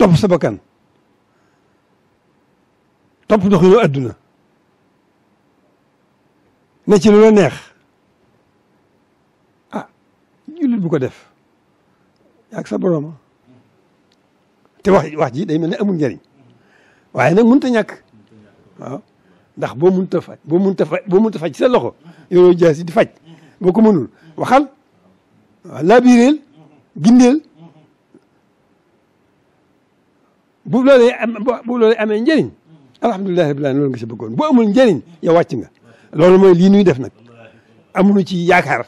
topp sa bakkan topp doxinu àdduna ne ci lu la neex ah jullit bu def yaag sa borom te wax wax ji day mel ne amul njëriñ waaye nag mënut a ñàkk waaw ndax boo mënut a faj boo mënut a faj boo loxo yoroo jaasi di faj boo ko mënul waxal waaw gindeel bu loolee am bu loolee amee njëriñ alhamdulilahi rabbil aalamiin loolu nga si bëggoon boo amul njëriñ yow wàcc nga loolu mooy lii nuy def nag amuñu ci yaakaar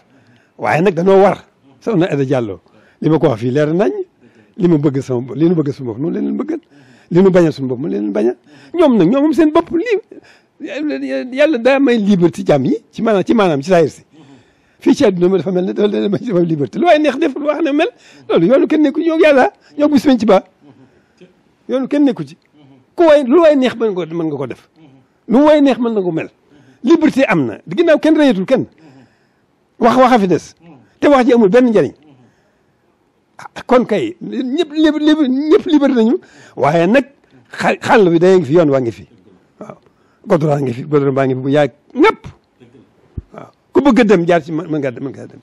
waaye nag danoo war soxna Aida Diallo li ma ko wax fii leer nañ li ma bëgg sama li nu bëgg suñu bopp noonu leen bëggal li nu bañal suñu bopp moom leen bañal ñoom nag ñoom seen bopp lii yàlla daa may liberté jàmm yi ci maanaam ci maanaam ci saayir si fii ci àdduna ma dafa mel ne dafa may liberté lu waaye neex def lu wax ne mel loolu yoonu kenn nekku ñoo yàlla ñoo bis ci ba yoon kenn nekku ci ko way lu way neex mën nga ko mën nga ko def lu way neex mën na ko mel liberté am na ginnaaw kenn reyatul kenn wax waxa fi des te wax ji amul benn njëriñ ah, kon kay ñëpp li ñëpp liberté nañu waaye nag xàll bi day ngi fi yoon waa ngi fi waaw goudron ngi fi goudron baa ngi fi bu yaay ñëpp ku bëgg a dem jaar ci mën ngaa mën ngaa dem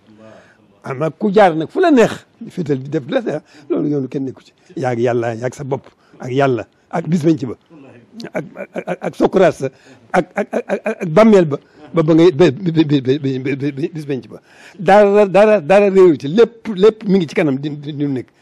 ah nag ku jaar nag fu la neex fital di def la neex loolu yoonu kenn nekku ci yaa ngi yàlla yaa ngi sa bopp ak yàlla ak bis bañ ci ba ak ak ak sokuraas sa ak ak ak ak bàmmeel ba ba ba ngay ci ba dara dara dara réew ci lépp lépp mi ngi ci kanam din di nekk